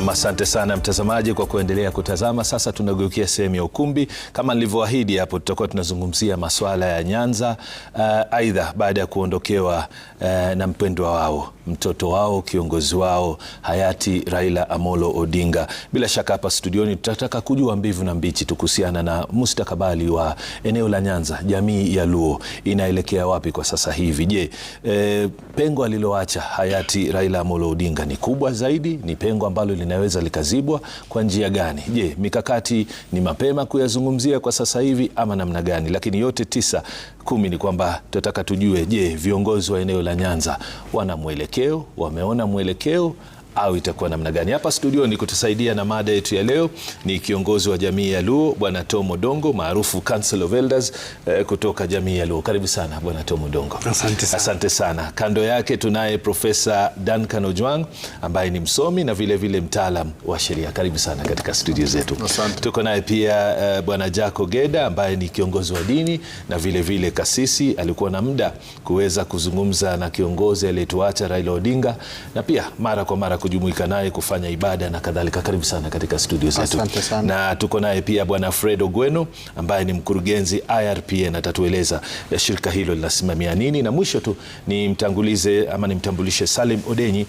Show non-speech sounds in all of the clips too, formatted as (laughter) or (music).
Nam, asante sana mtazamaji kwa kuendelea kutazama. Sasa tunageukia sehemu ya ukumbi. Kama nilivyoahidi hapo, tutakuwa tunazungumzia masuala ya Nyanza. Uh, aidha baada ya kuondokewa uh, na mpendwa wao mtoto wao kiongozi wao hayati Raila Amolo Odinga, bila shaka hapa studioni tutataka kujua mbivu na mbichi tu kuhusiana na mustakabali wa eneo la Nyanza. Jamii ya Luo inaelekea wapi kwa sasa hivi? Je, eh, pengo aliloacha hayati Raila Amolo Odinga ni kubwa zaidi? Ni pengo ambalo yanaweza likazibwa kwa njia gani? Je, mikakati ni mapema kuyazungumzia kwa sasa hivi ama namna gani? Lakini yote tisa kumi ni kwamba tunataka tujue, je, viongozi wa eneo la Nyanza wana mwelekeo, wameona mwelekeo au itakuwa namna gani? Hapa studioni kutusaidia na mada yetu ya leo ni kiongozi wa jamii ya Luo Bwana Tom Odongo maarufu Council of Elders eh, kutoka jamii ya Luo. Karibu sana Bwana Tom Odongo. Asante sana. Asante sana. Kando yake tunaye Profesa Duncan Ojwang ambaye ni msomi na vile vile mtaalam wa sheria. Karibu sana katika studio zetu. Asante. Tuko naye pia eh, Bwana Jaco Geda ambaye ni kiongozi wa dini na vile vile kasisi, alikuwa na muda kuweza kuzungumza na kiongozi aliyetuacha Raila Odinga na pia mara kwa mara kujumuika naye kufanya ibada na kadhalika. Karibu sana katika studio zetu, na tuko naye pia Bwana Fred Ogweno ambaye ni mkurugenzi IRPN, atatueleza eh, shirika hilo linasimamia nini, na mwisho tu nimtangulize ama nimtambulishe Salim Odenyi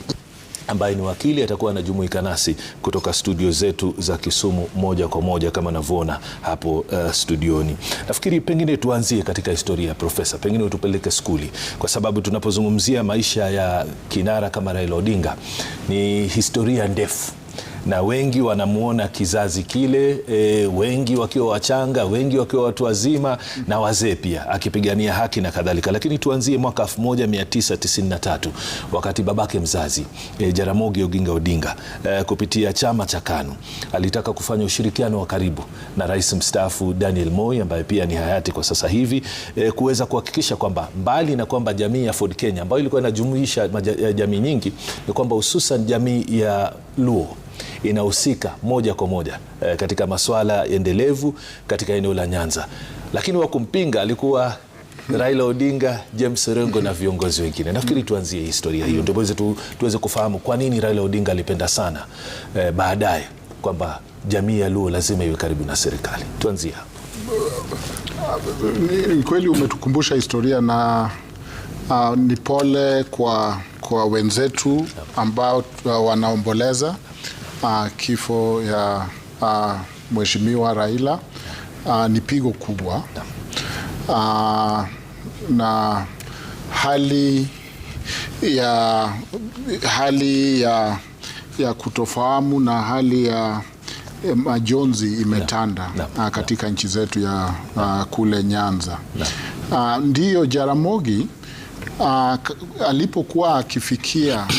ambaye ni wakili atakuwa anajumuika nasi kutoka studio zetu za Kisumu moja kwa moja kama anavyoona hapo uh, studioni. Nafikiri pengine tuanzie katika historia ya profesa, pengine utupeleke skuli, kwa sababu tunapozungumzia maisha ya kinara kama Raila Odinga ni historia ndefu na wengi wanamuona kizazi kile e, wengi wakiwa wachanga, wengi wakiwa watu wazima mm. na wazee pia, akipigania haki na kadhalika. Lakini tuanzie mwaka 1993 wakati babake mzazi e, Jaramogi Oginga Odinga e, kupitia chama cha KANU alitaka kufanya ushirikiano wa karibu na rais mstaafu Daniel Moi ambaye pia ni hayati kwa sasa hivi e, kuweza kuhakikisha kwamba mbali na kwamba jamii ya Ford Kenya ambayo ilikuwa inajumuisha jamii nyingi, ni kwamba hususan jamii ya Luo inahusika moja kwa moja eh, katika masuala endelevu katika eneo la Nyanza, lakini wa kumpinga alikuwa Raila Odinga, James Orengo na viongozi wengine. Nafikiri tuanzie historia hiyo ndio tuweze tu, tuweze kufahamu kwa nini Raila Odinga alipenda sana eh, baadaye kwamba jamii ya Luo lazima iwe karibu na serikali. Tuanzie hapo. Ni kweli umetukumbusha historia na uh, ni pole kwa, kwa wenzetu ambao uh, wanaomboleza uh, kifo ya uh, Mheshimiwa Raila uh, ni pigo kubwa uh, na hali ya hali ya, ya kutofahamu na hali ya majonzi imetanda yeah, no, katika yeah, nchi zetu ya uh, kule Nyanza yeah. uh, ndiyo Jaramogi uh, alipokuwa akifikia (coughs)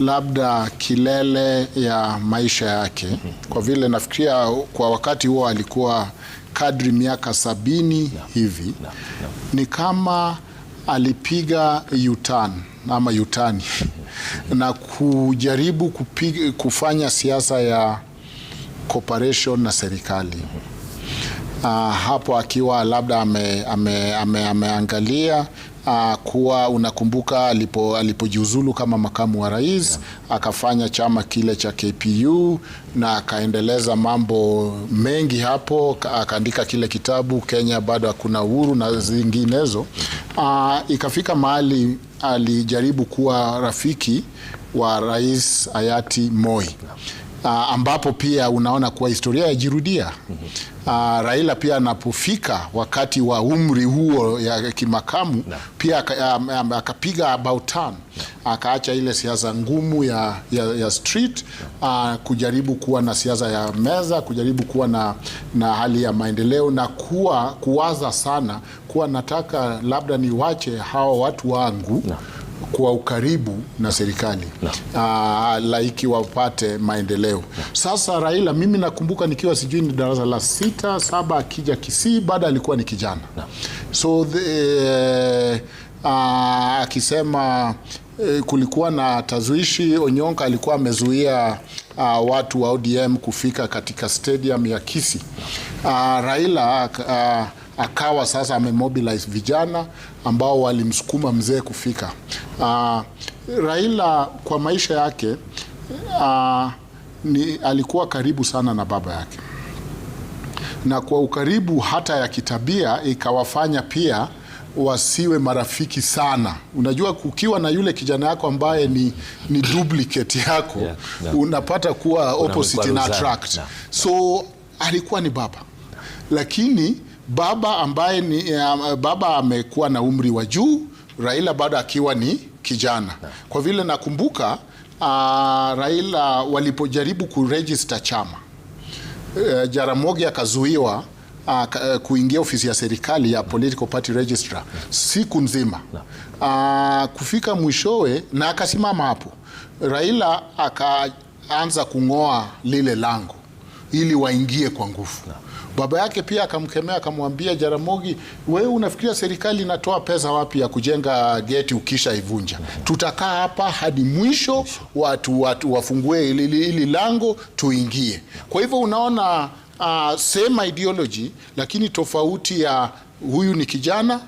labda kilele ya maisha yake mm -hmm. Kwa vile nafikiria kwa wakati huo alikuwa kadri miaka sabini no. hivi no. No. ni kama alipiga yutan ama yutani mm -hmm. na kujaribu kupiga, kufanya siasa ya cooperation na serikali mm -hmm. Uh, hapo akiwa labda ame, ame, ame, ameangalia uh, kuwa unakumbuka alipo alipojiuzulu kama makamu wa rais yeah. Akafanya chama kile cha KPU na akaendeleza mambo mengi hapo, akaandika kile kitabu Kenya bado hakuna uhuru na zinginezo. Uh, ikafika mahali alijaribu kuwa rafiki wa rais hayati Moi yeah uh, ambapo pia unaona kuwa historia yajirudia. Uh, mhm. ah, Raila pia anapofika wakati wa umri huo ya kimakamu no. pia akapiga about turn no. akaacha ile siasa ngumu ya, ya, ya street no. uh, ah, kujaribu kuwa na siasa ya meza, kujaribu kuwa na, na hali ya maendeleo na kuwa kuwaza sana kuwa nataka labda niwache hawa watu wangu no kwa ukaribu na serikali no. Uh, laiki wapate maendeleo no. Sasa Raila, mimi nakumbuka nikiwa sijui ni darasa la sita saba, akija Kisii bado alikuwa ni kijana no. So eh, ah, akisema uh, uh, kulikuwa na tazuishi. Onyonka alikuwa amezuia uh, watu wa ODM kufika katika stadium ya Kisii no. uh, Raila uh, akawa sasa amemobilize vijana ambao walimsukuma mzee kufika. Uh, Raila kwa maisha yake uh, ni alikuwa karibu sana na baba yake, na kwa ukaribu hata ya kitabia ikawafanya pia wasiwe marafiki sana. Unajua, kukiwa na yule kijana yako ambaye ni, ni duplicate yako yeah, yeah. unapata kuwa opposite na attract yeah, yeah. So alikuwa ni baba lakini baba ambaye ni, eh, baba amekuwa na umri wa juu, Raila bado akiwa ni kijana. Kwa vile nakumbuka uh, Raila walipojaribu kurejista chama uh, Jaramogi akazuiwa Uh, kuingia ofisi ya serikali ya political party registrar siku nzima uh, kufika mwishowe, na akasimama hapo. Raila akaanza kung'oa lile lango ili waingie kwa nguvu. Baba yake pia akamkemea akamwambia, Jaramogi, wewe unafikiria serikali inatoa pesa wapi ya kujenga geti ukisha ivunja? mm -hmm. Tutakaa hapa hadi mwisho, Watu, watu wafungue ili lango tuingie. Kwa hivyo unaona uh, same ideology lakini tofauti ya huyu ni kijana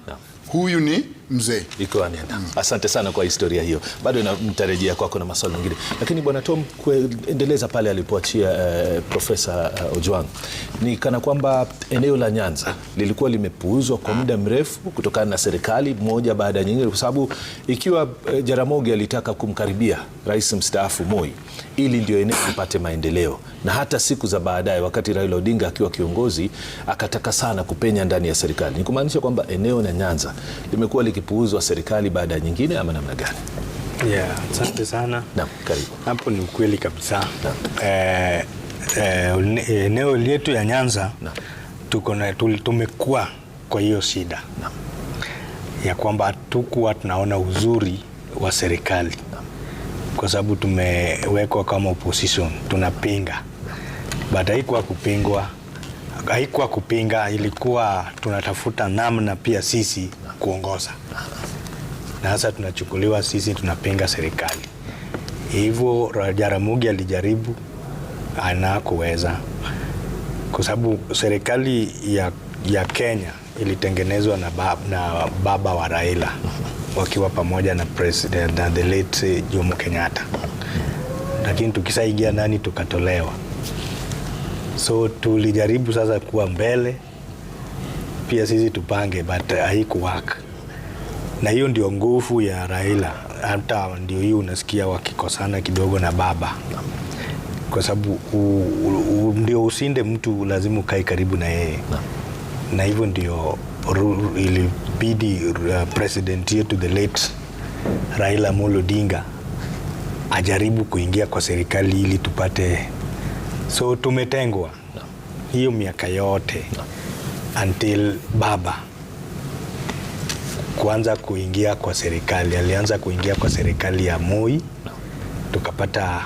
huyu ni mzee iko anaenda. Mm. Asante sana kwa historia hiyo, bado nitarejea kwako na maswali mengine, lakini bwana Tom, kuendeleza pale alipoachia uh, eh, Profesa uh, eh, Ojwang, ni kana kwamba eneo la Nyanza lilikuwa limepuuzwa kwa muda mrefu kutokana na serikali moja baada ya nyingine, kwa sababu ikiwa uh, Jaramogi alitaka kumkaribia rais mstaafu Moi ili ndio eneo lipate maendeleo, na hata siku za baadaye wakati Raila Odinga akiwa kiongozi akataka sana kupenya ndani ya serikali, ni kumaanisha kwamba eneo la Nyanza limekuwa li ikipuuzwa serikali baada ya nyingine ama namna gani? Yeah, asante sana. Naam, karibu. Hapo ni ukweli kabisa. Eh, eh, eh, eneo letu ya Nyanza tuko na tumekuwa kwa hiyo shida na ya kwamba hatukuwa tunaona uzuri wa serikali kwa sababu tumewekwa kama opposition, tunapinga, but haikuwa kupingwa, haikuwa kupinga, ilikuwa tunatafuta namna pia sisi kuongoza, na sasa tunachukuliwa sisi tunapinga serikali. Hivyo jaramugi alijaribu anakuweza, kwa sababu serikali ya, ya Kenya ilitengenezwa na baba, na baba wa Raila wakiwa pamoja na president na the late Jomo Kenyatta, lakini tukisaigia nani tukatolewa, so tulijaribu sasa kuwa mbele pia sisi tupange, but haikuwork. Na hiyo ndio nguvu ya Raila, hata ndio hiyo unasikia wakikosana kidogo na baba, kwa sababu ndio usinde mtu lazima ukae karibu na yeye na, na hivyo ndio ilibidi uh, president yetu the late Raila Amolo Odinga ajaribu kuingia kwa serikali ili tupate, so tumetengwa hiyo miaka yote na until baba kuanza kuingia kwa serikali. Alianza kuingia kwa serikali ya Moi, tukapata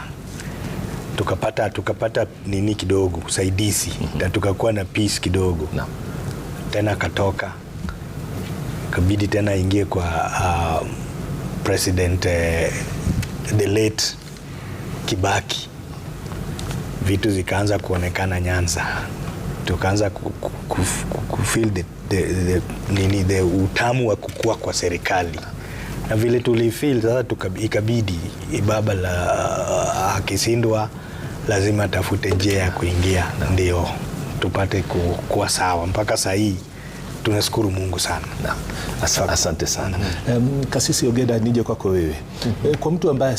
tukapata tukapata nini kidogo usaidizi mm -hmm. na tukakuwa na peace kidogo no. Tena akatoka kabidi tena ingie kwa uh, president uh, the late Kibaki, vitu zikaanza kuonekana Nyanza tukaanza kufil nini the utamu wa kukua kwa serikali na vile tulifil sasa, ikabidi baba la akishindwa lazima atafute njia ya kuingia ndio tupate kuwa sawa mpaka sahii tunashukuru Mungu sana na, asante sana mm. Um, Kasisi Ogeda, nije kwako wewe mm -hmm. Kwa mtu ambaye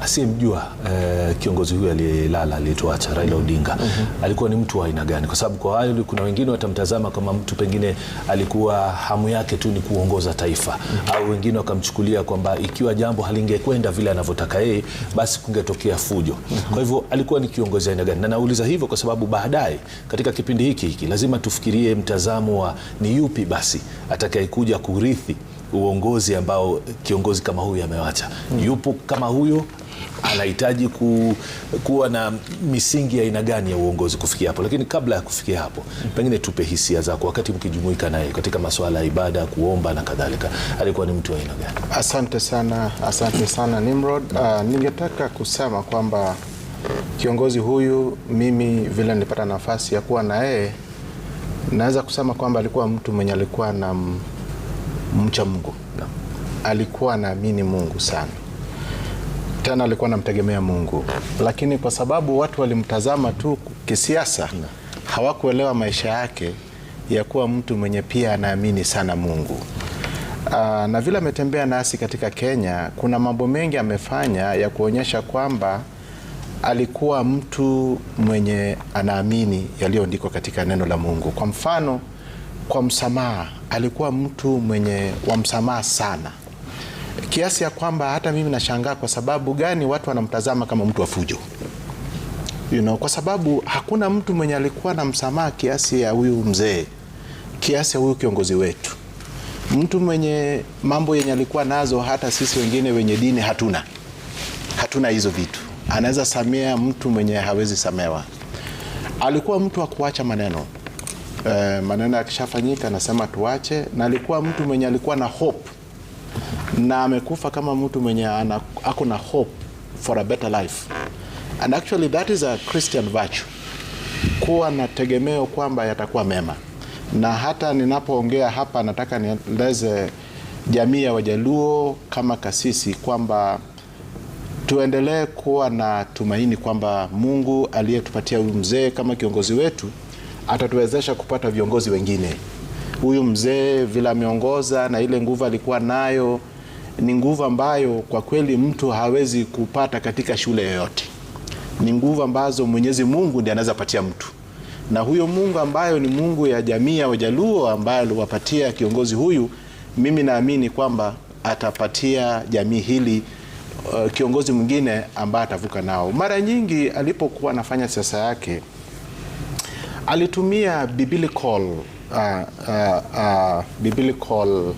asiyemjua uh, kiongozi huyu aliyelala aliyetuacha Raila Odinga mm -hmm. alikuwa ni mtu wa aina gani? Kwa sababu kwa hayo kuna wengine watamtazama kama mtu pengine alikuwa hamu yake tu ni kuongoza taifa mm -hmm. au wengine wakamchukulia kwamba ikiwa jambo halingekwenda vile anavyotaka yeye basi kungetokea fujo mm -hmm. Kwa hivyo alikuwa ni kiongozi aina gani? Na nauliza hivyo kwa sababu baadaye katika kipindi hiki hiki lazima tufikirie mtazamo wa ni yupi basi atakayekuja kurithi uongozi ambao kiongozi kama huyu amewacha? Hmm. Yupo kama huyo anahitaji ku, kuwa na misingi ya aina gani ya uongozi kufikia hapo. Lakini kabla ya kufikia hapo, pengine tupe hisia zako wakati mkijumuika naye katika masuala ya ibada, kuomba na kadhalika. Alikuwa ni mtu wa aina gani? Asante sana, asante sana Nimrod. Uh, ningetaka kusema kwamba kiongozi huyu mimi vile nilipata nafasi ya kuwa na yeye naweza kusema kwamba alikuwa mtu mwenye alikuwa na mcha Mungu, alikuwa anaamini Mungu sana, tena alikuwa anamtegemea Mungu, lakini kwa sababu watu walimtazama tu kisiasa, hawakuelewa maisha yake ya kuwa mtu mwenye pia anaamini sana Mungu. Aa, ah, na vile ametembea nasi katika Kenya, kuna mambo mengi amefanya ya kuonyesha kwamba alikuwa mtu mwenye anaamini yaliyoandikwa katika neno la Mungu. Kwa mfano, kwa msamaha, alikuwa mtu mwenye wa msamaha sana kiasi ya kwamba hata mimi nashangaa kwa sababu gani watu wanamtazama kama mtu wa fujo. You know, kwa sababu hakuna mtu mwenye alikuwa na msamaha kiasi ya huyu mzee, kiasi ya huyu kiongozi wetu, mtu mwenye mambo yenye alikuwa nazo hata sisi wengine wenye dini hatuna, hatuna hizo vitu anaweza samia mtu mwenye hawezi samewa. Alikuwa mtu wa kuacha maneno e, maneno yakishafanyika anasema tuache, na alikuwa mtu mwenye alikuwa na hope na amekufa kama mtu mwenye ana, ako na hope for a better life and actually that is a Christian virtue, kuwa na tegemeo kwamba yatakuwa mema. Na hata ninapoongea hapa nataka nieleze jamii ya Wajaluo kama kasisi kwamba tuendelee kuwa na tumaini kwamba Mungu aliyetupatia huyu mzee kama kiongozi wetu atatuwezesha kupata viongozi wengine. Huyu mzee vile ameongoza na ile nguvu alikuwa nayo ni nguvu ambayo kwa kweli mtu hawezi kupata katika shule yoyote. Ni nguvu ambazo Mwenyezi Mungu ndiye anaweza patia mtu, na huyo Mungu ambayo ni Mungu ya jamii ya Wajaluo ambayo aliwapatia kiongozi huyu, mimi naamini kwamba atapatia jamii hili uh, kiongozi mwingine ambaye atavuka nao. Mara nyingi alipokuwa anafanya siasa yake alitumia biblical uh, uh, uh, biblical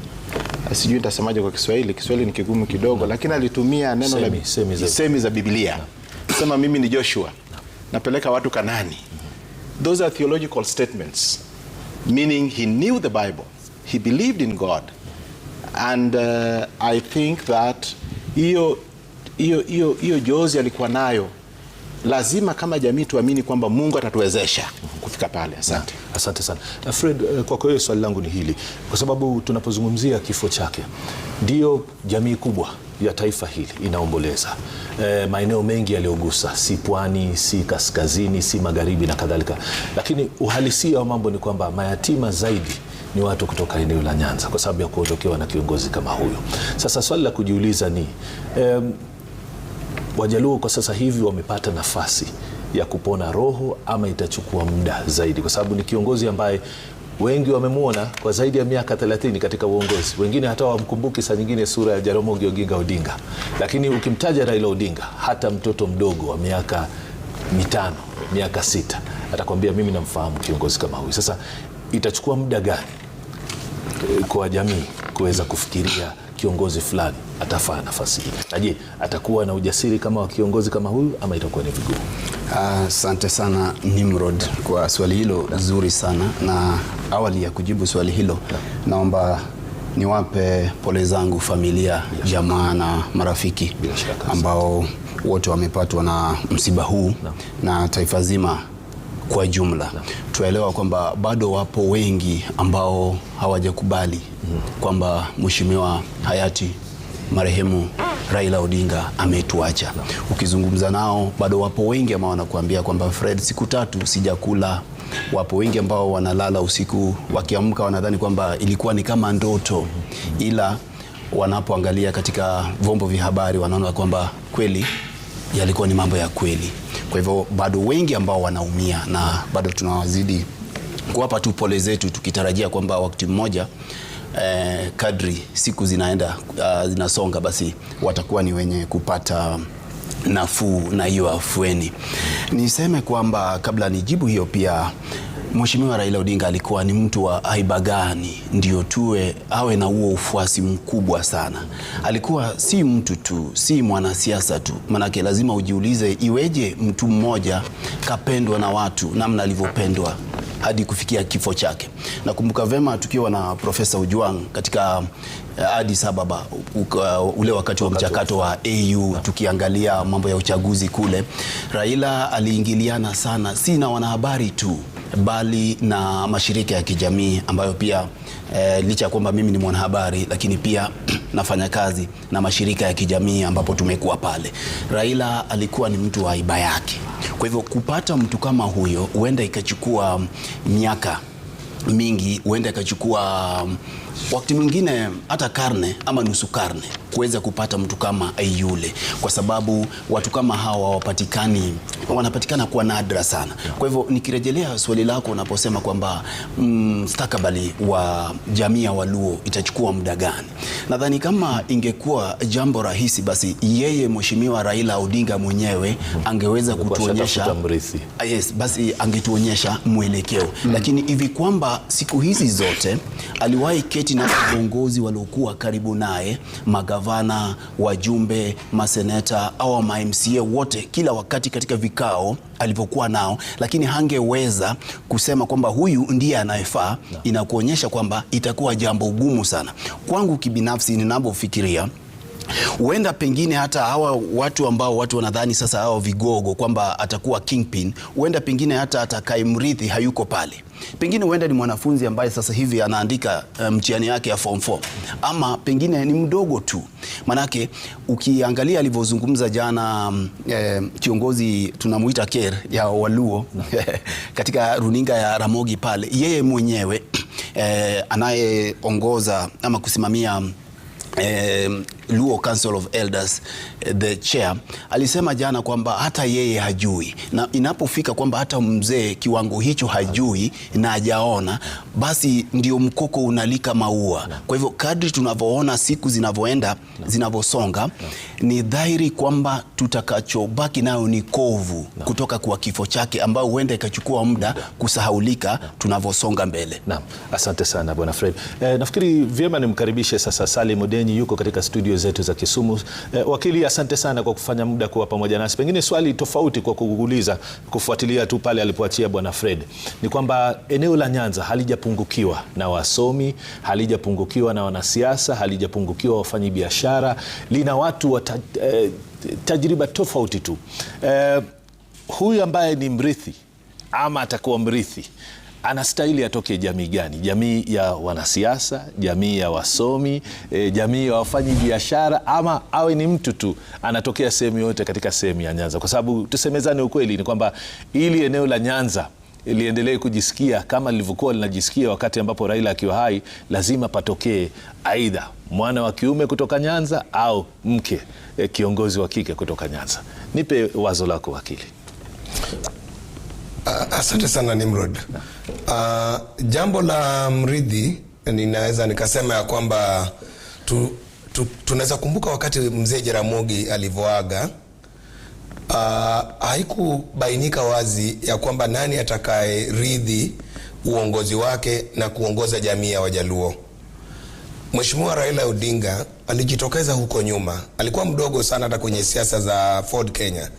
eh, sijui nitasemaje kwa Kiswahili. Kiswahili ni kigumu kidogo mm. Lakini alitumia neno semi, la semi za, semi za Biblia sema mimi ni Joshua napeleka watu Kanani. Those are theological statements meaning he knew the Bible, he believed in God and uh, I think that hiyo hiyo hiyo hiyo jozi alikuwa nayo. Lazima kama jamii tuamini kwamba Mungu atatuwezesha kufika pale. Asante, asante sana Fred. Eh, Kwako hiyo swali langu ni hili, kwa sababu tunapozungumzia kifo chake, ndiyo jamii kubwa ya taifa hili inaomboleza. E, maeneo mengi yaliyogusa, si pwani, si kaskazini, si magharibi na kadhalika, lakini uhalisia wa mambo ni kwamba mayatima zaidi ni watu kutoka eneo la Nyanza kwa sababu ya kuondokewa na kiongozi kama huyo. Sasa swali la kujiuliza ni um, Wajaluo kwa sasa hivi wamepata nafasi ya kupona roho ama itachukua muda zaidi, kwa sababu ni kiongozi ambaye wengi wamemwona kwa zaidi ya miaka 30 katika uongozi, wengine hata wamkumbuki saa nyingine sura ya Jaramogi Oginga Odinga, lakini ukimtaja Raila Odinga, hata mtoto mdogo wa miaka mitano, miaka sita atakwambia mimi namfahamu kiongozi kama huyu. Sasa itachukua muda gani eh, kwa jamii kuweza kufikiria kiongozi fulani atafaa nafasi hii? Na je, atakuwa na ujasiri kama wa kiongozi kama huyu ama itakuwa ni vigumu? Ah, asante uh, sana Nimrod kwa swali hilo zuri sana, na awali ya kujibu swali hilo naomba niwape pole zangu familia, jamaa na marafiki ambao wote wamepatwa na msiba huu na, na taifa zima kwa jumla. Tuelewa kwamba bado wapo wengi ambao hawajakubali kwamba mheshimiwa hayati marehemu Raila Odinga ametuacha. Ukizungumza nao bado wapo wengi ambao wanakuambia kwamba Fred, siku tatu sijakula. Wapo wengi ambao wanalala usiku, wakiamka wanadhani kwamba ilikuwa ni kama ndoto, ila wanapoangalia katika vyombo vya habari wanaona kwamba kweli yalikuwa ni mambo ya kweli. Kwa hivyo bado wengi ambao wanaumia na bado tunawazidi kuwapa tu pole zetu, tukitarajia kwamba wakati mmoja eh, kadri siku zinaenda uh, zinasonga basi watakuwa ni wenye kupata nafuu na hiyo afueni. Niseme kwamba kabla nijibu hiyo pia Mheshimiwa Raila Odinga alikuwa ni mtu wa aiba gani ndio tuwe awe na huo ufuasi mkubwa sana? Alikuwa si mtu tu, si mwanasiasa tu, manake lazima ujiulize iweje mtu mmoja kapendwa na watu namna alivyopendwa hadi kufikia kifo chake. Nakumbuka vema tukiwa na Profesa ujuang katika eh, Addis Ababa uh, ule wakati wa mchakato wa AU, tukiangalia mambo ya uchaguzi kule, Raila aliingiliana sana, si na wanahabari tu bali na mashirika ya kijamii ambayo pia e, licha ya kwamba mimi ni mwanahabari lakini pia (clears throat) nafanya kazi na mashirika ya kijamii ambapo tumekuwa pale. Raila alikuwa ni mtu wa aiba yake, kwa hivyo kupata mtu kama huyo huenda ikachukua miaka mingi, huenda ikachukua mm, wakati mwingine hata karne ama nusu karne kuweza kupata mtu kama yule, kwa sababu watu kama hawa hawapatikani, wanapatikana kwa nadra sana. Kwa hivyo nikirejelea swali lako unaposema kwamba mstakabali mm, wa jamii ya Waluo itachukua muda gani, nadhani kama ingekuwa jambo rahisi, basi yeye Mheshimiwa Raila Odinga mwenyewe mm-hmm. angeweza kutuonyesha ah, yes, basi angetuonyesha mwelekeo mm, lakini hivi kwamba siku hizi zote aliwahi keti na viongozi waliokuwa karibu naye magavana magavana, wajumbe, maseneta au mamca wote, kila wakati katika vikao alivyokuwa nao, lakini hangeweza kusema kwamba huyu ndiye anayefaa. Inakuonyesha kwamba itakuwa jambo gumu sana. Kwangu kibinafsi ninavyofikiria huenda pengine hata hawa watu ambao watu wanadhani sasa hawa vigogo kwamba atakuwa kingpin, huenda pengine hata atakayemrithi hayuko pale. Pengine huenda ni mwanafunzi ambaye sasa hivi anaandika eh, mtihani um, yake ya form 4 ama pengine ni mdogo tu, manake ukiangalia alivyozungumza jana um, kiongozi tunamuita Ker ya Waluo (laughs) katika runinga ya Ramogi pale, yeye mwenyewe (clears throat) eh, anayeongoza ama kusimamia eh, Luo Council of Elders the chair alisema jana kwamba hata yeye hajui, na inapofika kwamba hata mzee kiwango hicho hajui na hajaona, basi ndio mkoko unalika maua. Kwa hivyo kadri tunavyoona siku zinavyoenda zinavyosonga, ni dhahiri kwamba tutakachobaki nayo ni kovu kutoka kwa kifo chake, ambayo huenda ikachukua muda kusahaulika tunavyosonga mbele. Naam, asante sana bwana Fred. Eh, nafikiri vyema nimkaribishe sasa Salim Odenyi, yuko katika studio zetu za Kisumu. Eh, wakili asante sana kwa kufanya muda kuwa pamoja nasi. Pengine swali tofauti kwa kukuuliza, kufuatilia tu pale alipoachia bwana Fred ni kwamba eneo la Nyanza halijapungukiwa na wasomi, halijapungukiwa na wanasiasa, halijapungukiwa biashara, lina watu wa eh, tajriba tofauti tu eh, huyu ambaye ni mrithi ama atakuwa mrithi anastahili atoke jamii gani? Jamii ya wanasiasa, jamii ya wasomi e, jamii ya wafanyi biashara, ama awe ni mtu tu anatokea sehemu yoyote katika sehemu ya Nyanza? Kwa sababu tusemezane ukweli ni kwamba ili eneo la Nyanza liendelee kujisikia kama lilivyokuwa linajisikia wakati ambapo Raila akiwa hai, lazima patokee aidha mwana wa kiume kutoka Nyanza au mke e, kiongozi wa kike kutoka Nyanza. Nipe wazo lako wakili. Ah, asante sana Nimrod. Uh, jambo la mridhi ninaweza nikasema ya kwamba tu, tu, tunaweza kumbuka wakati mzee Jaramogi alivyoaga, uh, haikubainika wazi ya kwamba nani atakaye ridhi uongozi wake na kuongoza jamii ya Wajaluo. Mheshimiwa Raila Odinga alijitokeza huko nyuma, alikuwa mdogo sana hata kwenye siasa za Ford Kenya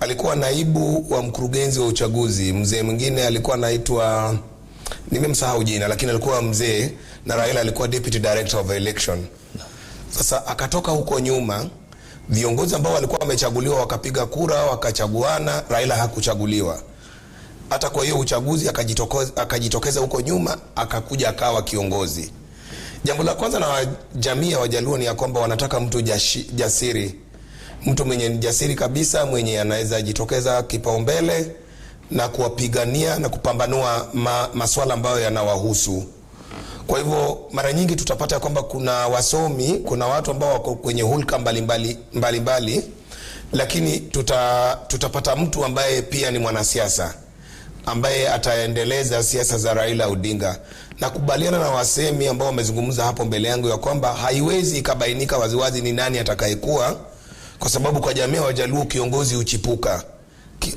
alikuwa naibu wa mkurugenzi wa uchaguzi. Mzee mwingine alikuwa anaitwa nimemsahau jina, lakini alikuwa mzee na Raila alikuwa deputy director of election. Sasa akatoka huko nyuma, viongozi ambao walikuwa wamechaguliwa wakapiga kura wakachaguana, Raila hakuchaguliwa hata kwa hiyo uchaguzi akajitokeza, huko nyuma akakuja akawa kiongozi. Jambo la kwanza na jamii ya Wajaluo ni ya kwamba wanataka mtu jasiri mtu mwenye ni jasiri kabisa, mwenye anaweza jitokeza kipaumbele na kuwapigania na kupambanua ma, maswala ambayo yanawahusu. Kwa hivyo mara nyingi tutapata kwamba kuna wasomi, kuna watu ambao wako kwenye hulka mbalimbali mbali, mbali, mbali, lakini tuta, tutapata mtu ambaye pia ni mwanasiasa ambaye ataendeleza siasa za Raila Odinga. Nakubaliana na wasemi ambao wamezungumza hapo mbele yangu ya kwamba haiwezi ikabainika waziwazi ni nani atakayekuwa kwa sababu kwa jamii ya Wajaluo kiongozi huchipuka.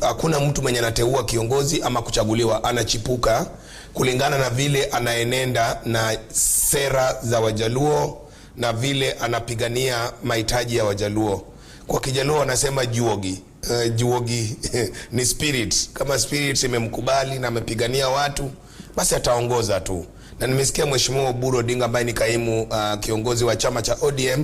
Hakuna mtu mwenye anateua kiongozi ama kuchaguliwa, anachipuka kulingana na vile anaenenda na sera za Wajaluo na vile anapigania mahitaji ya Wajaluo. Kwa Kijaluo wanasema juogi. Uh, juogi (laughs) ni spirit. Kama spirit imemkubali na amepigania watu, basi ataongoza tu, na nimesikia Mheshimiwa Oburu Odinga ambaye ni kaimu uh, kiongozi wa chama cha ODM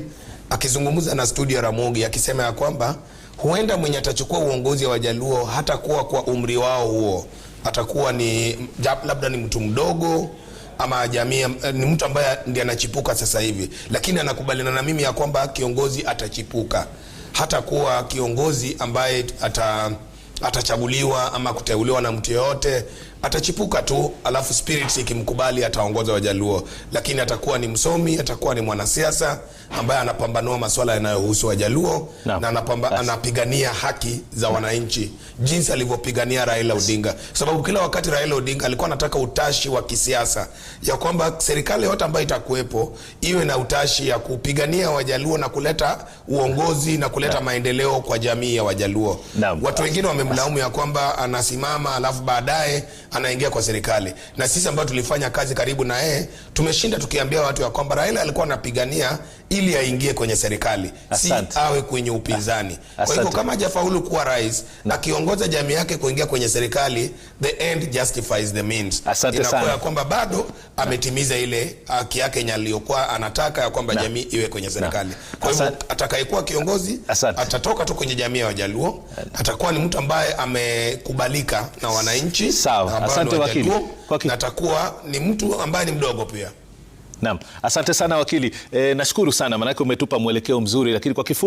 akizungumza na studio Ramogi akisema ya kwamba huenda mwenye atachukua uongozi wa Wajaluo hata kuwa kwa umri wao huo, atakuwa ni labda ni mtu mdogo ama jamii eh, ni mtu ambaye ndiye anachipuka sasa hivi, lakini anakubaliana na mimi ya kwamba kiongozi atachipuka, hata kuwa kiongozi ambaye ata atachaguliwa ama kuteuliwa na mtu yeyote, atachipuka tu, alafu spirit ikimkubali ataongoza Wajaluo, lakini atakuwa ni msomi, atakuwa ni mwanasiasa ambaye anapambanua masuala yanayohusu Wajaluo no. na anapamba, yes. anapigania haki za wananchi jinsi alivyopigania Raila yes. Odinga, sababu kila wakati Raila Odinga alikuwa anataka utashi wa kisiasa ya kwamba serikali yote ambayo itakuwepo iwe na utashi ya kupigania Wajaluo na kuleta uongozi na kuleta no. maendeleo kwa jamii ya Wajaluo no. watu wengine wame kumlaumu ya kwamba anasimama alafu baadaye anaingia kwa serikali. Na sisi ambao tulifanya kazi karibu na yeye tumeshinda tukiambia watu ya kwamba Raila alikuwa anapigania ili aingie kwenye serikali, si awe kwenye upinzani. Kwa hivyo kama hajafaulu kuwa rais, na akiongoza jamii yake kuingia kwenye serikali, the end justifies the means. Inakuwa ya kwamba bado ametimiza ile haki yake aliyokuwa anataka ya kwamba jamii iwe kwenye serikali. Kwa hivyo atakayekuwa kiongozi atatoka tu kwenye jamii ya Wajaluo, atakuwa ni mtu ambaye ambaye amekubalika na wananchi sawa. Asante wakili, natakuwa ni mtu ambaye ni mdogo pia. Naam, asante sana wakili. E, nashukuru sana maanake umetupa mwelekeo mzuri, lakini kwa kifupi